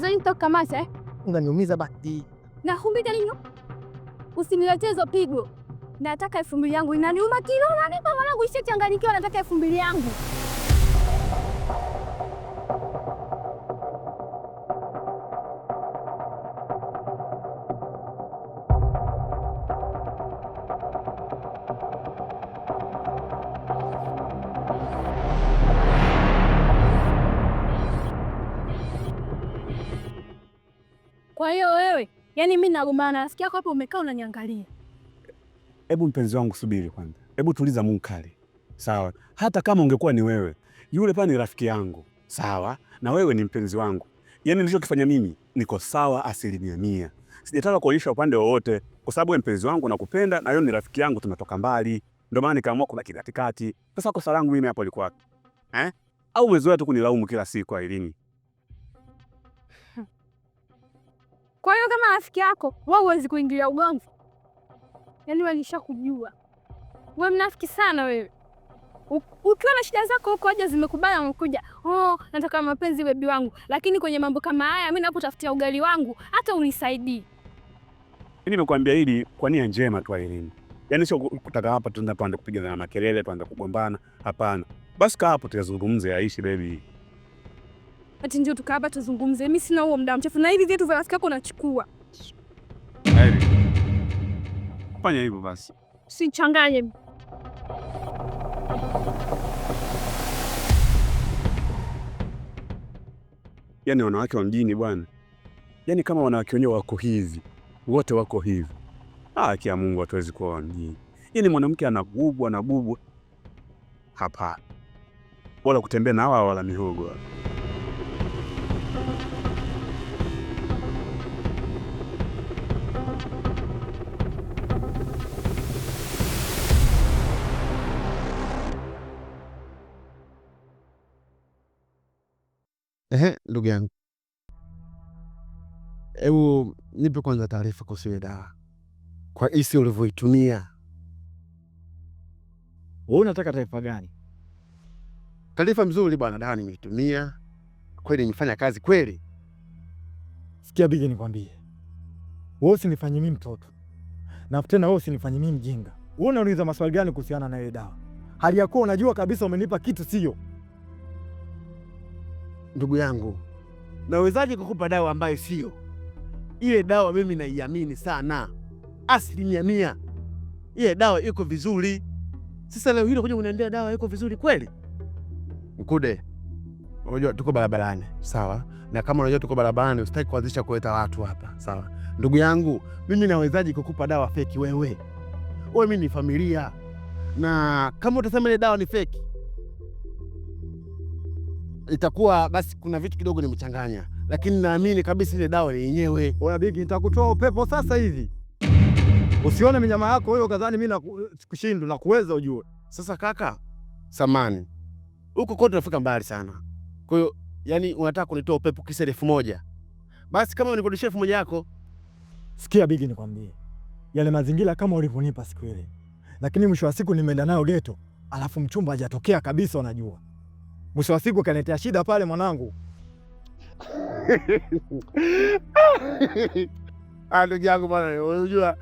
Ulizani kutoka mate eh? Unaniumiza basi. Na humbi dalio. Usiniletee hizo pigo. Nataka elfu mbili yangu. Inaniuma na nipo mwanangu, isichanganyikiwa nataka elfu mbili yangu. Kwa hiyo wewe, yani mimi nagombana nasikia kwa hapo, umekaa unaniangalia. Hebu mpenzi wangu, subiri kwanza, hebu tuliza munkali, sawa? Hata kama ungekuwa ni wewe, yule pale ni rafiki yangu, sawa, na wewe ni mpenzi wangu. Yani nilichokifanya mimi niko sawa asilimia mia, sijataka kuonyesha upande wowote, kwa sababu mpenzi wangu, nakupenda na yeye ni rafiki yangu, tumetoka mbali, ndio maana nikaamua kuna kidati Sasa kosa langu mimi hapo liko wapi eh? Au umezoea tu kunilaumu kila siku Ailini? Kwa hiyo kama rafiki yako wao huwezi kuingilia ugomvi, yaani kujua we mnafiki sana wewe. Ukiwa na shida zako huko aja zimekubali, unakuja, oh, nataka mapenzi bebi wangu, lakini kwenye mambo kama haya mi napotafutia ugali wangu hata unisaidii. Mimi nimekuambia hili kwa nia njema tu, Irene, yaani sio kutaka hapa tuanze kupiga na makelele tuanze kugombana, hapana. Basi kaa hapo tuzungumze, yaishi bebi. Ati ndio tukaa hapa tuzungumze. Mimi sina huo muda mchafu na hivi vyetu vya rafiki yako nachukua. Fanya hivyo basi. Usichanganye. Yaani wanawake wa mjini bwana, yaani kama wanawake wenyewe wako hivi, wote wako hivi. Ah, kia Mungu, hatuwezi kuwa wa mjini. Yaani mwanamke anabubwa anabubwa, hapana. Wala kutembea na hawa wala mihogo. Ehe, ndugu yangu, hebu nipe kwanza taarifa kuhusu ile dawa kwa isi ulivyoitumia. Wewe unataka taarifa gani? Taarifa mzuri bwana. Dawa nimeitumia kweli, nimefanya kazi kweli. Sikia bigi, nikwambie wewe, usinifanye mimi mtoto, na tena wewe usinifanye mimi mjinga. Wewe unauliza maswali gani kuhusiana na ile dawa, hali ya kuwa unajua kabisa umenipa kitu, sio? Ndugu yangu, nawezaje kukupa dawa ambayo siyo ile dawa? Mimi naiamini sana asilimia mia, ile dawa iko vizuri. Sasa leo hilo kuja kuniambia dawa iko vizuri kweli? Mkude, unajua tuko barabarani sawa, na kama unajua tuko barabarani, usitaki kuanzisha kuleta watu hapa sawa. Ndugu yangu, mimi nawezaje kukupa dawa feki? Wewe wewe, mimi ni familia, na kama utasema ile dawa ni feki itakuwa basi kuna vitu kidogo nimechanganya, lakini naamini kabisa ile dawa ni yenyewe. Ona Bigi, nitakutoa upepo sasa hivi, usione mnyama yako huyo, kadhani mimi nakushinda na kuweza ujue. Sasa kaka samani huko kote tunafika mbali sana, kwa hiyo yani unataka kunitoa upepo kisa elfu moja? Basi kama unikodishia elfu moja yako. Sikia Bigi, nikwambie yale mazingira kama ulivyonipa siku ile, lakini mwisho wa siku nimeenda nayo geto, alafu mchumba hajatokea kabisa, unajua mwisho wa siku akaniletea shida pale mwanangu. Ah, ndugu yangu bwana, unajua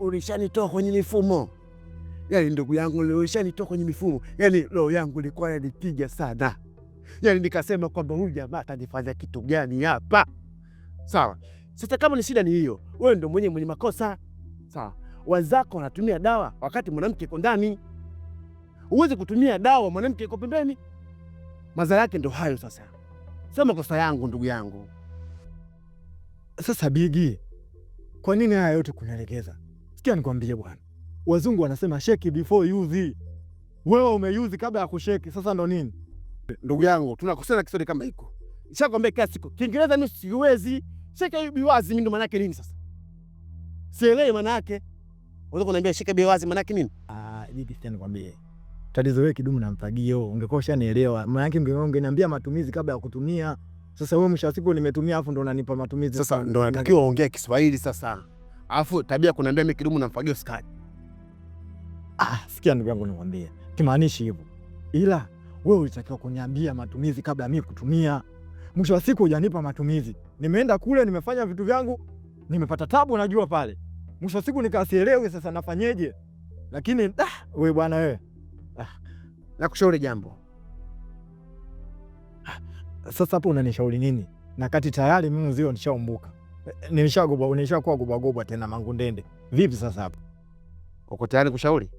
ulishanitoa kwenye mifumo yani, ndugu yangu, ulishanitoa kwenye mifumo yani, roho yangu ilikuwa yanipiga sana yani, nikasema kwamba huyu jamaa atanifanya kitu gani hapa? Sawa, sasa kama ni shida ni hiyo, wewe ndo mwenye mwenye makosa sawa. wazako wanatumia dawa wakati mwanamke iko ndani, huwezi kutumia dawa mwanamke iko pembeni. Madhara yake ndo hayo sasa, sio makosa yangu ndugu yangu. Sasa Bigi, kwa nini haya yote kunalegeza? Sikia nikwambie bwana, wazungu wanasema shake before you use. Wewe umeyuzi kabla ya kusheki, sasa ndo nini? Ndugu yangu, tunakosana kisodi kama hiko. Nishakwambia kila siku Kiingereza mimi siwezi shake be wazi Mimi ndo maana yake nini sasa? Sielewi maana yake. Unaweza kuniambia shake be wazi maana yake nini? Ah, Bigi, sikia nikwambie tatizo wewe kidumu na mfagio, ungekuwa ushanielewa. Maana yake ungeniambia matumizi kabla ya kutumia. Sasa wewe mwisho wa siku nimetumia, afu ndo unanipa matumizi. Sasa ndo natakiwa ongea Kiswahili sasa, afu tabia kuniambia mimi kidumu na mfagio sikali. Ah, sikia ndugu yangu, nikwambie kimaanishi hivyo, ila wewe ulitakiwa kuniambia matumizi kabla mimi kutumia. Mwisho wa siku hujanipa matumizi, nimeenda kule nimefanya vitu vyangu, nimepata tabu, najua pale. Mwisho wa siku nikasielewi, sasa nafanyeje? Lakini ah, we bwana wewe na kushauri jambo. Sasa hapo unanishauri nini? Na kati tayari mimi mzio nishaumbuka. Nimeshagoba, nishakuwa goba goba tena mangundende. Vipi sasa hapo? Uko tayari kushauri?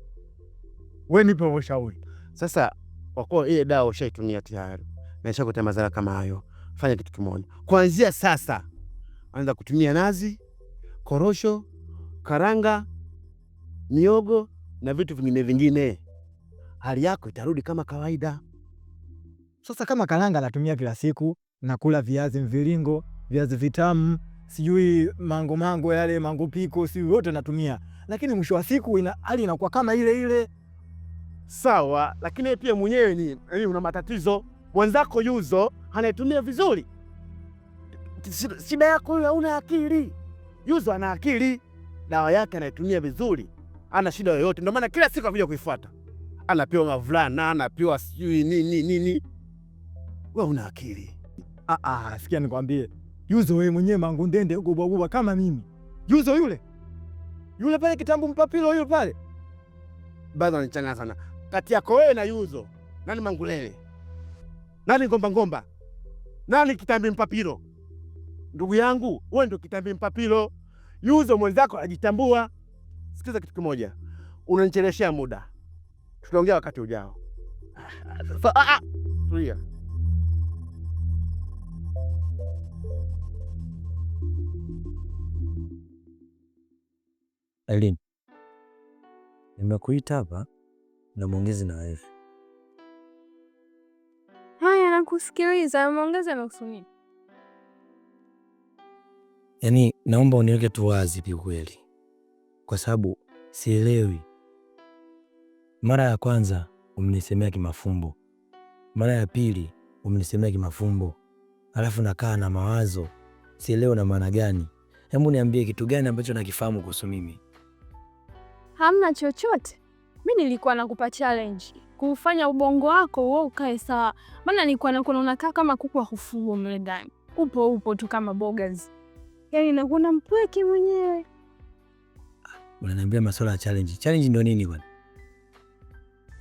Wewe nipe ushauri. Sasa kwa kuwa ile dawa ushaitumia tayari. Na ishakutia madhara kama hayo. Fanya kitu kimoja. Kuanzia sasa anza kutumia nazi, korosho, karanga, miogo na vitu vingine vingine hali yako itarudi kama kawaida. Sasa kama karanga anatumia kila siku, nakula viazi mviringo, viazi vitamu, sijui mango mango yale mango piko, sijui yote natumia, lakini mwisho wa siku ina hali inakuwa kama ile ile. Sawa, lakini pia mwenyewe ni yani, una matatizo. Mwenzako Yuzo anaitumia vizuri, shida yako hiyo, hauna akili. Yuzo ana akili, dawa yake anaitumia vizuri, ana shida yoyote, ndio maana kila siku akuja kuifuata anapewa mavulana, anapewa sijui nini nini. We una akili? Ah, ah, sikia nikwambie, juzo wewe mwenyewe mangu Mangundende ugubwagubwa kama mimi. Juzo yule yule pale kitambu mpapilo yule pale bado anichanganya sana. Kati yako wewe na Yuzo, nani mangulele? Nani ngomba ngomba? Nani kitambi mpapilo? Ndugu yangu, wewe ndio kitambi mpapilo. Yuzo mwenzako anajitambua. Sikiza kitu kimoja, unanicheleshea muda tutaongea wakati ujao. Sasa ah, ah, tulia. Aileen, nimekuita hapa na mwongezi na wewe. Haya, nakusikiliza. Mwongezi amekusunia. Yaani, naomba uniweke tu wazi kiukweli, kwa sababu sielewi mara ya kwanza umnisemea kimafumbo, mara ya pili umnisemea kimafumbo, alafu nakaa na mawazo, sielewi na maana gani. Hebu niambie kitu gani ambacho nakifahamu kuhusu mimi? Hamna chochote. Mi nilikuwa nakupa challenge kuufanya ubongo wako uo ukae sawa, maana nilikuwa nakuona unakaa kama kuku wa kufugwa mle ndani, upo upo tu kama bogas, yaani nakuona mpweke mwenyewe. Ah, unaniambia masuala ya challenge? Challenge ndo nini bwana?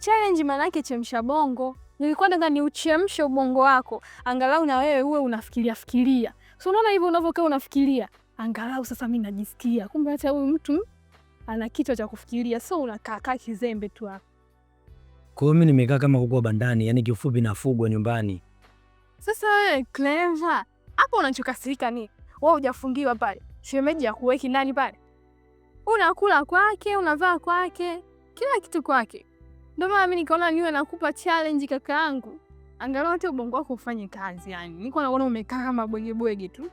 Challenge maana yake chemsha bongo. Nilikuwa nataka ni uchemshe ubongo wako, angalau na wewe uwe unafikiria fikiria. So unaona hivyo unavyokaa unafikiria, angalau sasa mimi najisikia. Kumbe hata huyu mtu ana kichwa cha kufikiria, so unakaa kaa kizembe tu hapo. Kwa hiyo mimi nimekaa kama kuku bandani, yani kifupi nafugwa nyumbani. Sasa wewe Clever, hapo unachokasirika ni wewe hujafungiwa pale. Shemeji ya kuweki nani pale? Unakula kwake, unavaa kwake, kila kitu kwake. Ndio maana mimi nikaona niwe nakupa challenge kaka yangu, angalau hata ubongo wako ufanye kazi. Yani niko naona umekaa kama bwege bwege tu.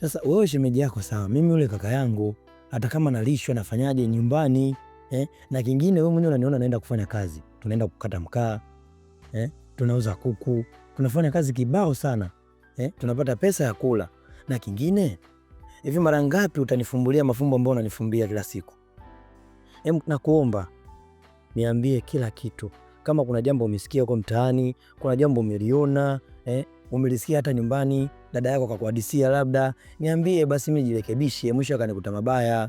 Sasa wewe shemeji yako sawa, mimi yule kaka yangu, hata kama nalishwa nafanyaje nyumbani eh? Na kingine wewe mwenyewe unaniona naenda kufanya kazi, tunaenda kukata mkaa eh? tunauza kuku, tunafanya kazi kibao sana eh? tunapata pesa ya kula. Na kingine hivi, mara ngapi utanifumbulia mafumbo ambayo unanifumbia kila siku? Em, nakuomba niambie kila kitu. Kama kuna jambo umesikia huko mtaani, kuna jambo umeliona, eh, umelisikia hata nyumbani, dada yako akakuhadisia labda, niambie basi mimi jirekebishe mwisho akanikuta mabaya.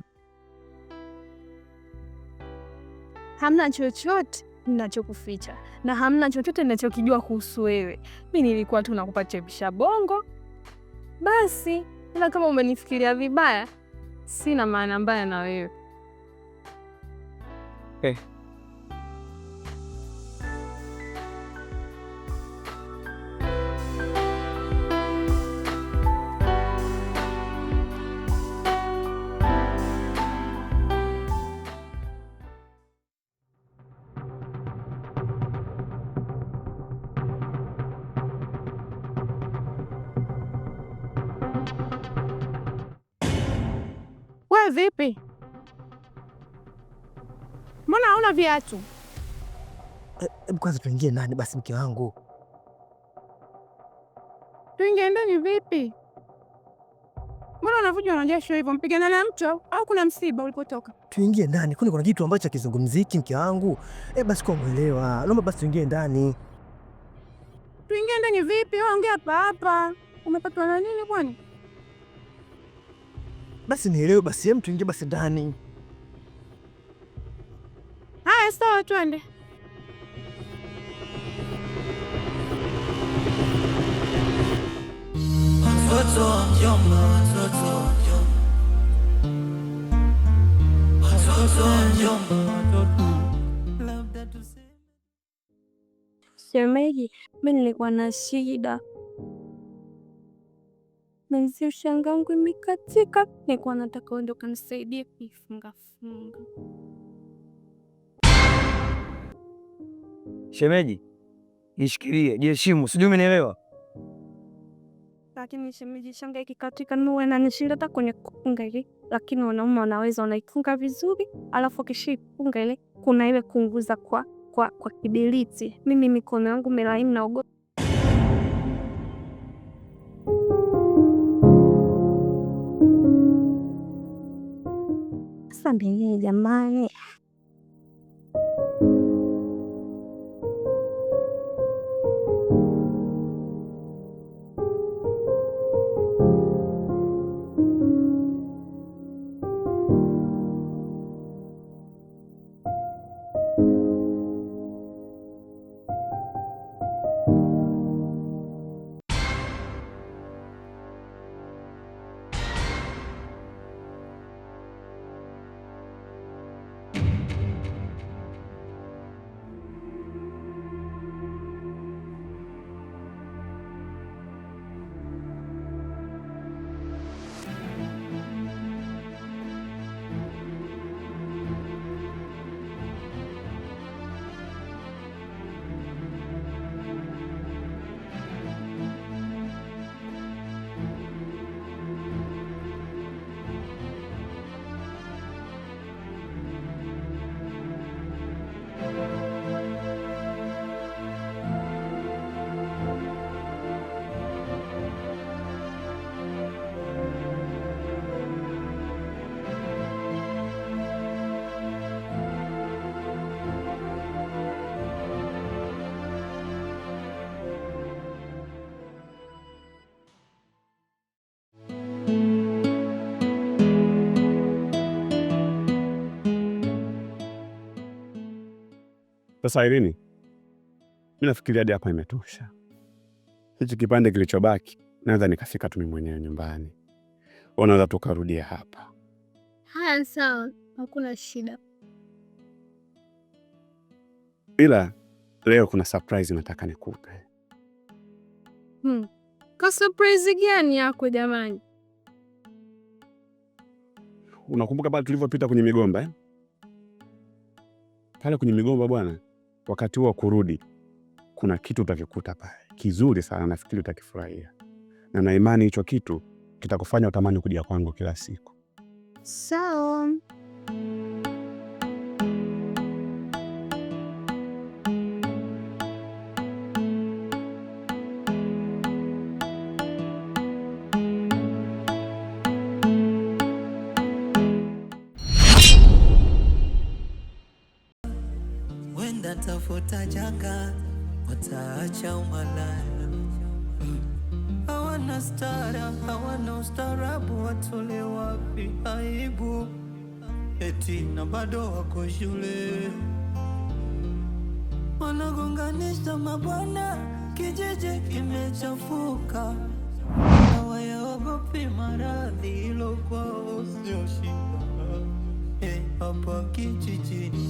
Hamna chochote ninachokuficha na hamna chochote ninachokijua kuhusu wewe. Mi nilikuwa tu nakupa chepisha bongo basi, ila kama umenifikiria vibaya, sina maana mbaya na wewe. Hey. Eh, vipi? Mbona hauna viatu? Eh, hebu kwanza tuingie ndani basi, mke wangu. Tuingie ndani vipi? Mbona unavuja na jasho hivyo? Mpigana na mtu au kuna msiba ulipotoka? Tuingie ndani, kwani kuna kitu ambacho hakizungumziki mke wangu? E, basi kwa mwelewa, naomba basi tuingie ndani. Tuingie ndani vipi? Ongea hapa hapa. Umepatwa na nini bwana? Basi nielewe basi, hem, tuingie basi ndani. Haya, sawa, twende. Watoto wa mjomba, watoto wa mjomba, watoto wa mjomba. Shemeji, mimi nilikuwa na shida Naisi ushanga wangu imekatika, nikuwa nataka uende ukanisaidie kuifungafunga. Shemeji, nishikilie, jiheshimu, sijui umenielewa? Lakini shemeji, shanga ikikatika na nishinda hata kwenye kufunga ile, lakini wanaume wanaweza, wanaifunga vizuri, alafu akishaifunga ile kuna ile kuunguza kwa, kwa, kwa kiberiti. Mimi mikono yangu melaini naogopa 平易点卖。Sasa Irini, mi nafikiria hadi hapa imetosha. Hichi kipande kilichobaki naweza nikafika tu mimi mwenyewe nyumbani, unaweza tukarudia hapa. Haya, sawa, hakuna shida, ila leo kuna surprise nataka nikupe. Hmm. Kwa surprise gani yako jamani? Unakumbuka pale tulivyopita kwenye migomba eh? Pale kwenye migomba bwana wakati huo kurudi, kuna kitu utakikuta pale kizuri sana, nafikiri utakifurahia, na na imani hicho kitu kitakufanya utamani kuja kwangu kila siku. Sawa. watatafuta janga, wataacha umalaya. Hawana stara, hawana ustarabu, watole wapi aibu? Eti na bado wako shule, wanagonganisha mabwana, kijiji kimechafuka, hawayaogopi maradhi, ilo kwao sio shida. Hey, eh, hapa kijijini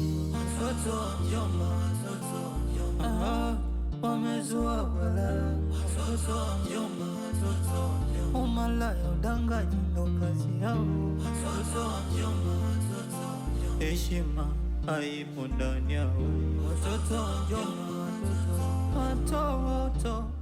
Watoto mjomba, watoto mjomba, wamezua balaa. Watoto mjomba, watoto mjomba, umalaya, udanganyi ndo kazi yao. Watoto mjomba, watoto mjomba, heshima haipo ndani yao. Watoto mjomba, watoto watoto